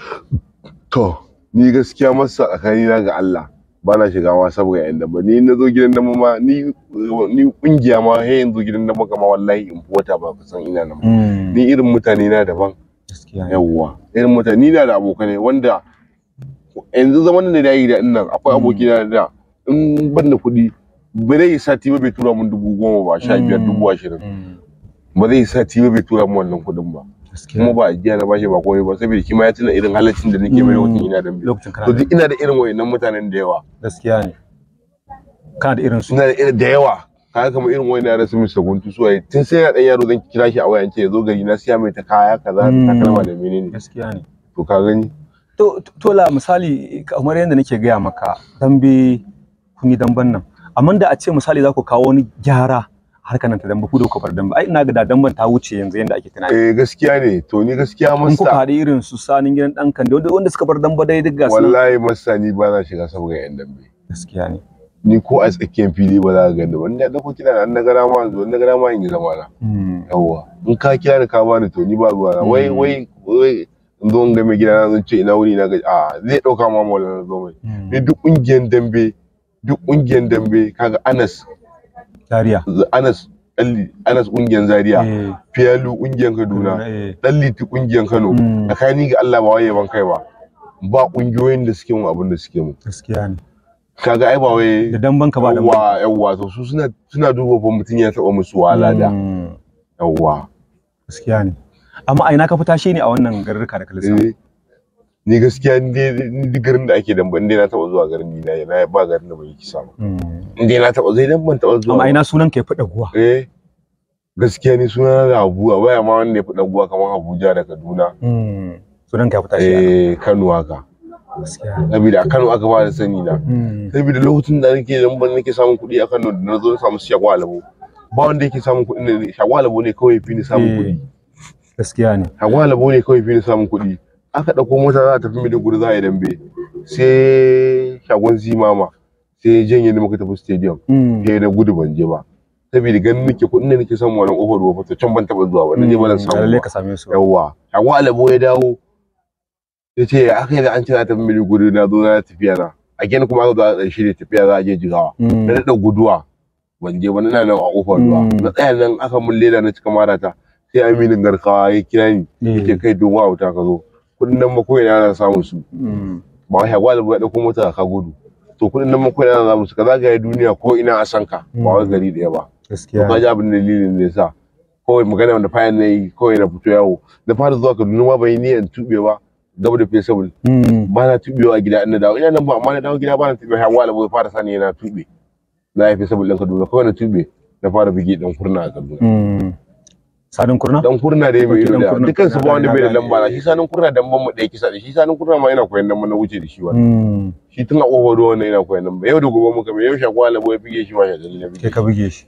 To ni gaskiya masa tsakanina ga Allah. ba na shiga ma saboda yan dabba. ni na zo gidan dama ma ni ni kungiya ma he yanzu gidan dama kama wallahi in fota ba san ina nan hmm. ni irin mutane na daban gaskiya yawwa irin mutane ni na da abokai wanda yanzu zaman da dai da nan akwai hmm. aboki na da in ban da kuɗi ba zai sati ba bai tura mun dubu goma ba sha biyar hmm. dubu ashirin ba zai sati ba bai tura mun wannan kuɗin ba kuma ba ajiya na bashi ba komai ba saboda ya tuna irin halaccin da nake mm, mai ina to duk ina da irin wayannan mutanen da yawa gaskiya ne kana da irin su ina da irin da yawa kamar irin wayannan yaran su Mr. Guntu tun sai ya dan yaro zan kira shi a waya ce ya gari na siya mai ta kaya kaza ta mm, takalma da menene gaskiya ne to ka gani to tola misali kamar yadda nake gaya maka dambe kun yi damban nan amma da a ce misali za ku kawo wani gyara harkan nan ta damba ku da kuka bar damba ai ina ga da damban ta wuce yanzu yanda ake tunani eh gaskiya ne to ni gaskiya masta kuka da irin su sanin gidan dan kan wanda wanda suka bar damba dai duk wallahi masa ni ba za shiga saboda yan dambe gaskiya ne ni ko a tsakiyar fili ba za ka gani ba da ko kira na gara ma zo na gara ma in zama na hmm. yawa in ka kira da ka bani to ni ba zuwa na wai hmm. wai wai in zo in ga mai gida na zo ce ina wuri na gaji a ah, zai dauka ma mawala na zo mai hmm. ni duk kungiyar dambe duk kungiyar dambe kaga Anas Zaria. Anas Dalli Anas kungiyar Zaria, eh. Fiyalu kungiyar Kaduna, Dalli eh. ti kungiyar Kano. Mm. Tsakani ga Allah ba waye ban kai ba. Ba ƙungiyoyin da suke mu abin da suke mu. Gaskiya ne. Kaga ai ba wai da dan banka ba da yawa yawa so su suna suna duba fa mutun ya taba musu wahala da. Mm. Yawa. Gaskiya ne. Amma aina ina ka fita shi ne a wannan garurruka da ka lissafa. Eh. ni gaskiya ni garin da ake damba indai na taba zuwa garin ni na ba garin da bai kisa ba hmm. indai na taba zai dan ban taba zuwa amma ina sunan ka ya fada guwa eh gaskiya ni suna da abuwa baya ma wanda ya fada guwa kamar Abuja da Kaduna hmm. sunan ka ya fita shi eh Kano haka saboda a Kano aka ba da sani na hmm. saboda lokacin da nake damba nake samun kuɗi a Kano da nazo na samu shagwa alabo ba wanda yake samun kuɗi ne shagwa alabo ne kawai eh, fi ni samun kuɗi gaskiya ne shagwa alabo ne kawai fi ni samun kuɗi aka ɗauko mota za a tafi Maiduguri za a yi dambe sai shagon zimama sai janye ni muka tafi stadium hmm. sai na gudu ban je ba saboda ganin nake kuɗin da nake samu wannan ofar ruwa fata can ban taɓa zuwa ba nan je ba samu lalle ka same su yawa shagon alabo ya dawo ya ce aka yi da an ce za a tafi Maiduguri na zo na tafiya na a gani kuma aka zo a ƙarshe da tafiya za a je jigawa hmm. na daɗa guduwa ban je ba na nan a ofar ruwa hmm. na tsaya nan aka mun leda na cika marata sai aminin garkawa ya kira ni ya ce kai don wa wuta ka zo kuɗin nan ma koyi ana samun su mm. ba wai hagwa da ba ɗauko mota ka gudu to kuɗin nan ma na ana samun su ka zagaye duniya ko ina a san ka ba wai mm. gari ɗaya ba gaskiya ka ji abin dalilin da ya sa kawai magana wanda fayan na yi kawai na fito yawo na fara zuwa kaduna ma bai yi niyyar tuɓe ba gaba da fesabul mm. ba na tuɓewa a gida ina dawo ina nan ba amma na dawo gida ba na tuɓe hagwa da ba fara sani yana tuɓe na yi fesabul ɗin kaduna kawai na tuɓe na fara bige ɗan kurna a kaduna sanin kurna dan kurna dai bai da dukkan su ba wanda bai da lamba shi sanin kurna dan ban mu dai kisa da shi sanin kurna ma yana koyan nan na wuce da shi wa hmm. shi tun a kofar ruwa wannan yana koyan nan yau da gobe muka mai yau shakwa labo ya bige shi ma shaddan ne bige ka bige shi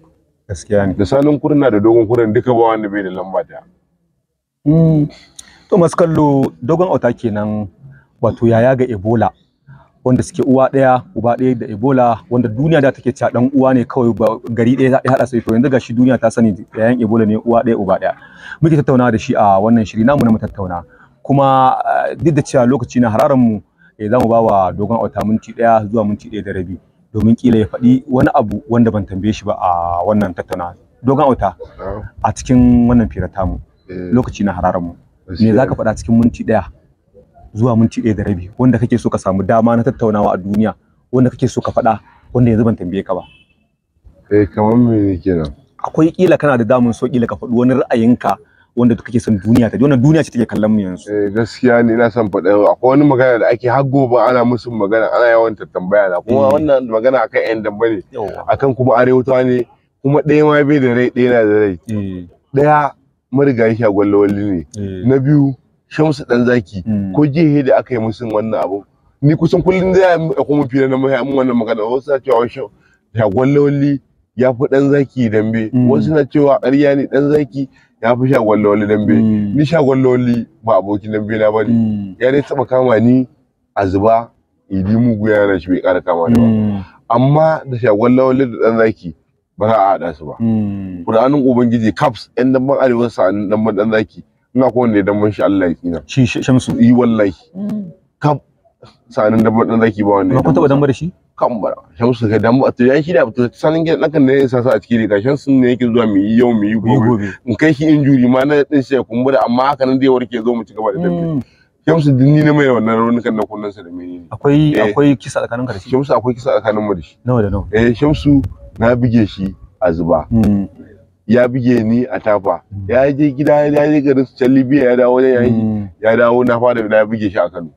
gaskiya ne da sanin kurna da dogon kurna duka ba wanda bai da lamba da hmm. to masu kallo dogon auta kenan wato yaya ga ebola wanda suke uwa ɗaya uba ɗaya da ebola wanda duniya da take cewa dan uwa ne kawai ba gari ɗaya ya haɗa sai. to yanzu gashi duniya ta sani yayan ebola ne uwa ɗaya uba ɗaya muke tattauna da shi a wannan shiri namu na tattauna kuma eh, duk da cewa lokaci na hararan mu eh zamu ba wa dogon auta minti ɗaya zuwa minti ɗaya da rabi domin kila ya faɗi wani abu wanda ban tambaye shi ba a wannan tattauna dogon auta a cikin wannan firata tamu eh. lokaci na hararan mu me za ka faɗa cikin minti ɗaya zuwa minti ɗaya da rabi wanda kake so ka samu dama na tattaunawa a duniya wanda kake so ka faɗa wanda yanzu ban tambaye ka ba eh kamar me kenan akwai kila kana da damun so kila ka faɗi wani ra'ayinka wanda kake son duniya ta ji wannan duniya ce take kallon mu yanzu eh gaskiya ne ina son faɗa akwai wani magana da ake har gobe ana musu magana ana yawan tambaya na kuma mm. wannan magana akan yan dambe ne akan kuma arewata ne kuma ɗaya ma bai da rai ɗaya na da rai mm. ɗaya marigayi shagwallawalli ne mm. na biyu shamsu dan zaki hmm. ko jihe da aka yi musu wannan abu ni kusan kullum da ya kuma fira na mai mun wannan magana wasu na cewa shau shagon gwallawalli ya fi dan zaki dambe hmm. wasu na cewa ƙarya ne dan zaki ya fi shagon lawali dambe hmm. ni shagon lawali ba abokin dambe na ba ne. ya dai taba kama ni a zuba idi mugu ya na shi bai ƙara kama ni ba amma da shagon lawali da dan zaki ba za a haɗa su ba. Ƙur'anin Ubangiji Caps 'yan dan arewa sa'an dan dan zaki ina ko wanda dan mun shi Allah ya tsina shi shamsu yi wallahi mm. kam sanin da mun zaki ba wanda ko taba dan bar shi kan bara shamsu ga dan ba to yayi shi da to sanin gidan dan ne yasa sa a cikin riga shamsu ne yake zuwa mu yi yau mu yi gobe in kai shi injuri ma na din shi ya kumbura amma haka nan zai warke zo mu ci gaba da dambe mm. Shamsu din ni ne mai wannan raunukan na kunnan sa da menene akwai eh. akwai kisa tsakanin ka da shi Shamsu akwai kisa tsakanin mu da shi nawa da nawa eh Shamsu na buge shi a zuba mm. ya bige ni a tafa mm. ya je gida ya je garin su can libya ya dawo ya yi mm. ya dawo na fada na bige shi a kano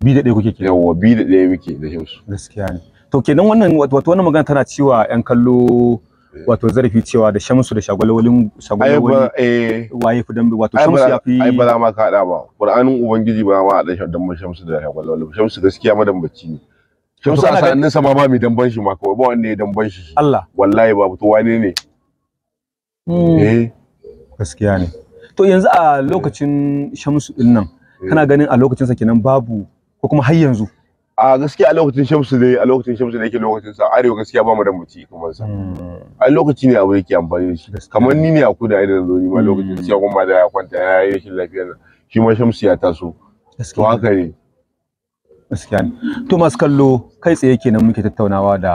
bi da ɗaya kuke ke yawa bi da ɗaya muke da shamsu gaskiya ne to kenan wannan wato wannan magana tana cewa yan kallo eh. wato zarafi cewa da shamsu da shagwalwalin shagwalwalin eh. waye fi dambe wato shamsu ya fi ai ba za ma ka hada ba qur'anin ubangiji ba ma da dambe shamsu da shagwalwalin shamsu gaskiya madambaci ne shamsu a sanin sa ma ba mai damban shi ma kawai ba wanda ya damban shi Allah wallahi ba to wane ne eh hmm. gaskiya ne to yanzu a lokacin shamsu din nan eh. kana ganin a lokacin sa kenan babu ko kuma har yanzu a gaskiya a lokacin shamsu ne a lokacin shamsu ne yake lokacin sa arewa gaskiya ba mu da muti kuma sa hmm. a lokaci ne abu yake amfani da shi kamar ni ne a kuda da zo ni ma hmm. lokacin gaskiya kuma da ya kwanta ya yi rashin lafiya nan shi ma shamsu ya taso to haka ne gaskiya ne to masu kallo kai tsaye kenan muke tattaunawa da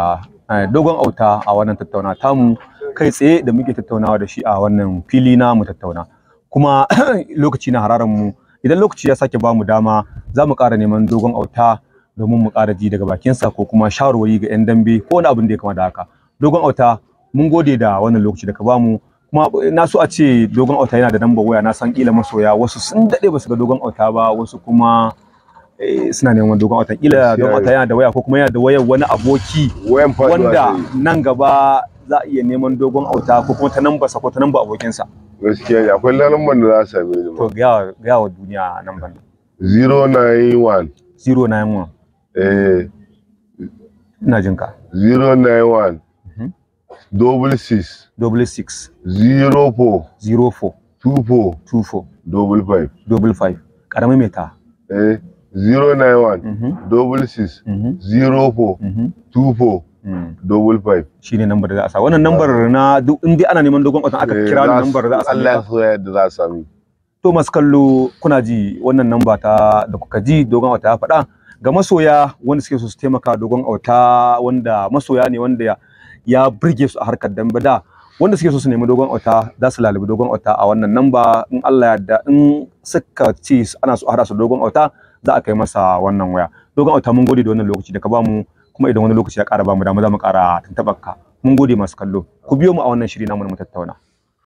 eh, dogon auta a wannan tattaunawa tamu kai tsaye da muke tattaunawa da shi a wannan fili na mu tattauna kuma lokaci na hararan mu idan lokaci ya sake bamu dama za mu ƙara neman dogon auta domin mu ƙara ji daga bakinsa ko kuma shawarwari ga 'yan dambe ko wani abin da ya kama da haka dogon auta mun gode da wannan lokaci da ka bamu kuma na so a ce dogon auta yana da namba waya na san kila masoya wasu sun daɗe ba su ga dogon auta ba wasu kuma eh, suna neman dogon auta kila dogon auta yana da waya ko kuma yana da wayar wani aboki wanda nan gaba za a iya neman dogon auta ko kuma ta nan basa ko ta nan ba abokinsa gaskiya ne akwai lambar da za a same ni to ga ga wa duniya nan ban 091 091 eh ina jin ka 091 mhm. double six double six zero four zero four two four two four double five double five ƙaramin mai ta eh zero nine one mhm. double six mhm. zero four two four Hmm. double five ne number da za a sa wannan number na duk in dai ana neman dogon kwatsan aka eh, kira ni number za a sa Allah ya so yadda za a sami to masu kallo kuna ji wannan namba ta da kuka ji dogon wata ya faɗa ga masoya wanda suke so su taimaka dogon auta wanda masoya ne wanda ya burge su a harkar dambe da wanda suke so su nemi dogon auta za su lalibi dogon auta a wannan namba in Allah ya yarda in suka ce ana so a hada su dogon auta za a kai masa wannan waya dogon auta mun gode da wannan lokaci da ka ba mu kuma idan wani lokaci ya ƙara ba mu dama za mu ƙara tuntuɓar ka mun gode masu kallo ku biyo mu a wannan shiri namu na mu tattauna